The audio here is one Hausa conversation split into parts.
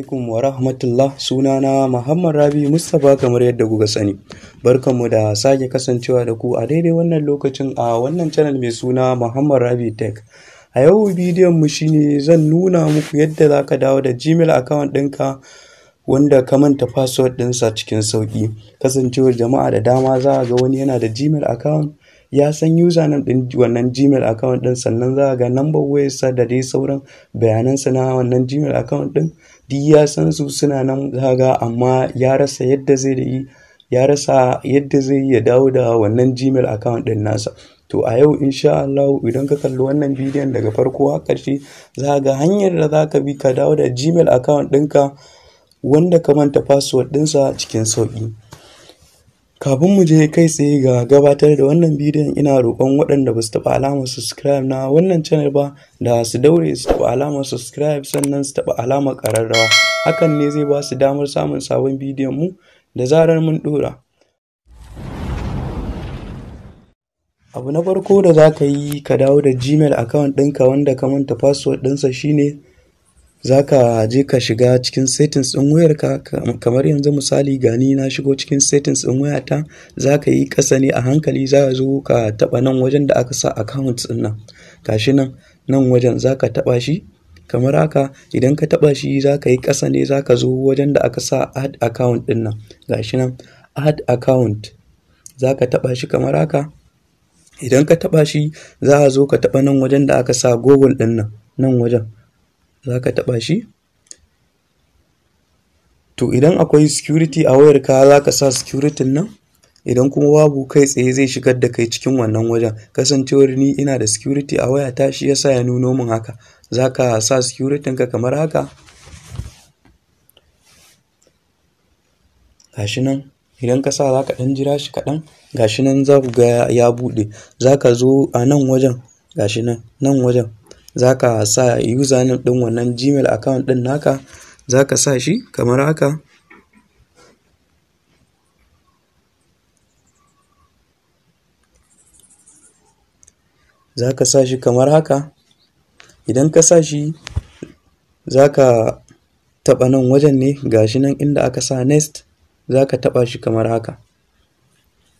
alaikum wa rahmatullah sunana Muhammad Rabi Mustapha kamar yadda kuka sani. Barkanmu da sake kasancewa da ku a daidai wannan lokacin a wannan channel mai suna Muhammad Rabi Tech. A yau bidiyon mu shine zan nuna muku yadda za ka dawo da Gmail account ɗinka wanda ka manta password ɗinsa cikin sauƙi. Kasancewar jama'a da dama za a ga wani yana da Gmail account ya san nan din wannan gmail account din sannan za a ga number wayarsa da dai sauran bayanansa na wannan gmail account din duk ya san su suna nan za ga amma ya rasa yadda zai yi ya rasa yadda zai ya dawo da wannan gmail account din nasa to a yau insha Allah idan ka kalli wannan bidiyon daga farko har ƙarshe za ga hanyar da za ka bi ka dawo da gmail account ɗinka wanda ka manta password ɗinsa cikin sauƙi Kafin mu je kai tsaye ga gabatar da wannan bidiyon ina roƙon waɗanda ba su taɓa alamar subscribe na wannan channel ba da su daure su taɓa alamar subscribe sannan su taɓa alamar ƙararrawa. Hakan ne zai ba su damar samun sabon bidiyon mu da zarar mun ɗora. Abu na farko da za ka yi ka dawo da Gmail account ɗinka wanda ka manta password ɗinsa shine za ka je ka shiga cikin settings ɗin wayarka kamar yanzu misali gani na shigo cikin settings ɗin wayata za ka yi ƙasa ne a hankali za ka zo ka taɓa nan wajen da aka sa account ɗin nan gashi nan nan wajen za ka taɓa shi kamar haka idan ka taɓa shi za ka yi ƙasa ne za ka zo wajen da aka sa add account ɗin nan gashi nan add account za ka taɓa shi kamar haka idan ka taɓa shi za a zo ka taɓa nan wajen da aka sa google ɗin nan nan wajen za ka taɓa shi to idan akwai security a wayarka za ka sa security nan idan kuma babu kai tsaye zai shigar da kai cikin wannan wajen kasancewar ni ina da security a waya ta shi yasa ya nuno min haka za ka sa security ka kamar haka gashi nan idan ka sa za ka ɗan jira shi kaɗan gashi nan za ku ga ya buɗe za ka zo a nan wajen gashi nan nan wajen za ka sa username ɗin wannan gmail account ɗin naka za ka sa shi kamar haka za ka sa shi kamar haka idan ka sa shi za ka taɓa nan wajen ne ga shi nan inda aka sa nest, za ka taɓa shi kamar haka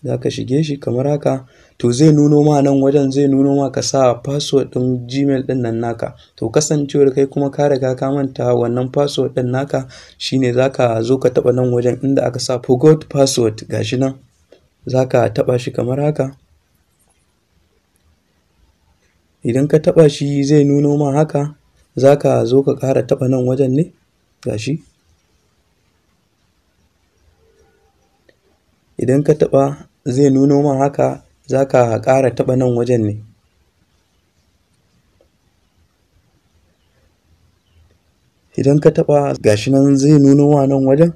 za ka shige shi kamar haka to zai nuno ma nan wajen zai nuno ma ka sa password din gmail din nan naka to kasancewar kai kuma ka riga ka manta wannan password din naka shine za ka zo ka taɓa nan wajen inda aka sa forgot password gashi nan za ka taɓa shi kamar haka idan ka taɓa shi zai nuno ma haka za ka zo ka ƙara taɓa nan wajen ne gashi idan ka taɓa zai nuno ma haka za ka ƙara taɓa nan wajen ne idan ka taɓa shi nan zai nuno ma nan wajen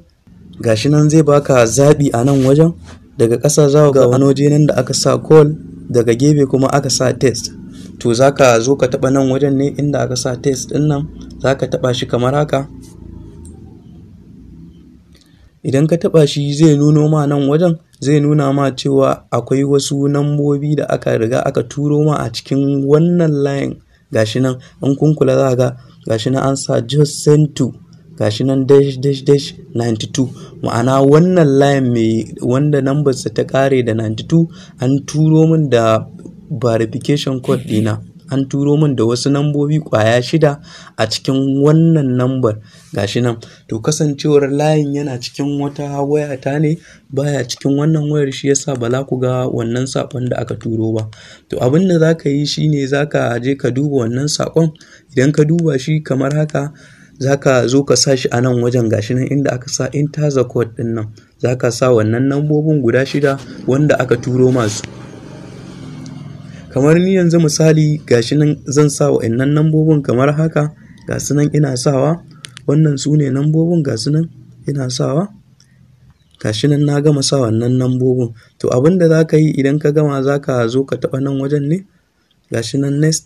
shi nan zai baka zaɓi a nan wajen daga ƙasa za ga wani waje nan da aka sa call daga gefe kuma aka sa test to za ka zo ka taɓa nan wajen ne inda aka sa test ɗin nan za ka taɓa shi kamar haka idan ka taɓa shi zai nuno ma nan wajen zai nuna ma cewa akwai wasu nambobi da aka riga aka turo ma a cikin wannan layin gashi nan an kunkula za ga gashi nan an sa just send gashi nan dash dash dash 92 ma'ana wannan layin mai wanda nambarsa ta kare da 92 an turo min da verification code dina an turo min da wasu nambobi kwaya shida a cikin wannan nambar gashi nan to kasancewar layin yana cikin wata wayata ne baya cikin wannan wayar shi yasa ba za ku ga wannan saƙon da aka turo ba to abin da za ka yi shine za ka je ka duba wannan sakon idan ka duba shi kamar haka za ka zo ka sa shi a nan wajen gashi nan inda aka sa interzacode din nan za ka sa wannan nambobin guda shida wanda aka turo masu kamar ni yanzu misali gashi nan zan sa wa'annan nambobin kamar haka ga su nan ina sawa wannan su ne nambobin ga su nan ina sawa gashi nan na gama sa wannan nambobin to abin da za ka yi idan ka gama za ka zo ka taɓa nan wajen ne gashi nan next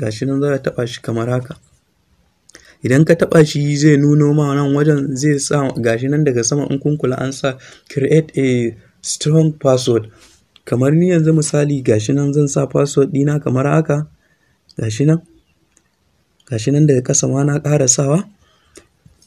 gashi nan za ka taɓa shi kamar haka idan ka taɓa shi zai nuno ma nan wajen zai sa gashi nan daga sama in kun kula an sa create a strong password kamar ni yanzu misali gashi nan zan sa password ɗina kamar haka gashi nan gashi nan daga ƙasa ma na ƙara sawa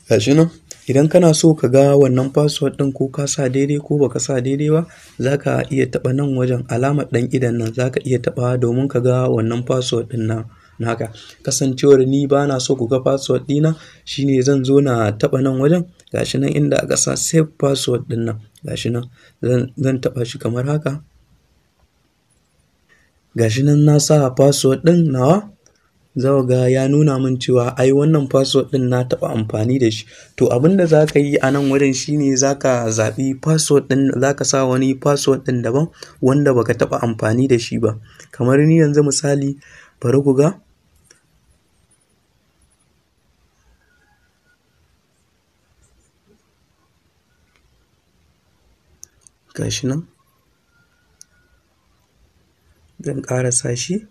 gashi nan idan kana so ka ga wannan password ɗin ko ka sa daidai ko baka sa daidai ba za ka iya taɓa nan wajen alamar ɗan idan nan za ka iya taɓa domin ka ga wannan password ɗin na naka kasancewar ni ba na so ku ga password ɗina shine zan zo na taɓa nan wajen gashi nan inda aka sa save password ɗin nan gashi nan zan taɓa shi kamar haka gashi nan na sa password ɗin nawa zau ga ya nuna min cewa ai wannan password ɗin na taɓa amfani da shi to abinda da za ka yi a nan wurin shine za ka zaɓi password ɗin za ka sa wani password ɗin daban wanda baka taɓa amfani da shi ba kamar ni yanzu misali bari ku ga gashi nan zan ƙarasa shi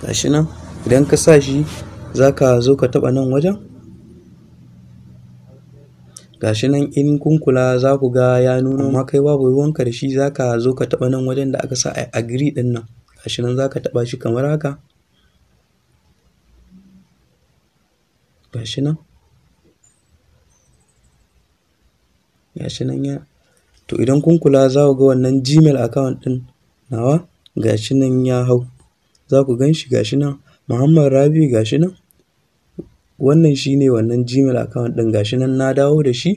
gashi nan idan ka sa shi za ka zo ka taɓa nan wajen gashi nan in kun kula za ku ga ya nuno amma kai babu ruwan da za ka zo ka taɓa nan wajen da aka sa a agiri ɗin nan gashi nan za ka taɓa shi kamar haka gashi nan shi nan ya to idan kun kula za ku ga wannan gmail account ɗin nawa gashi nan ya hau za ku gan shi gashi nan muhammad rabi gashi nan wannan shine wannan gmail account ɗin gashi nan na dawo da shi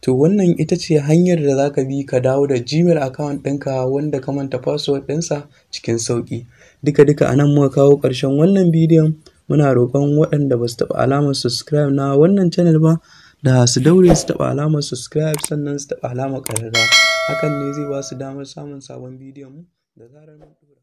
to wannan ita ce hanyar da za ka bi ka dawo da gmail account ɗinka wanda ka manta password ɗinsa cikin sauƙi duka duka a nan muka kawo ƙarshen wannan bidiyon muna roƙon waɗanda ba su taɓa alamar subscribe na wannan channel ba da su daure su taɓa alamar subscribe sannan su taɓa alamar ƙararra hakan ne zai ba su damar samun sabon bidiyon mu da zarar mun tura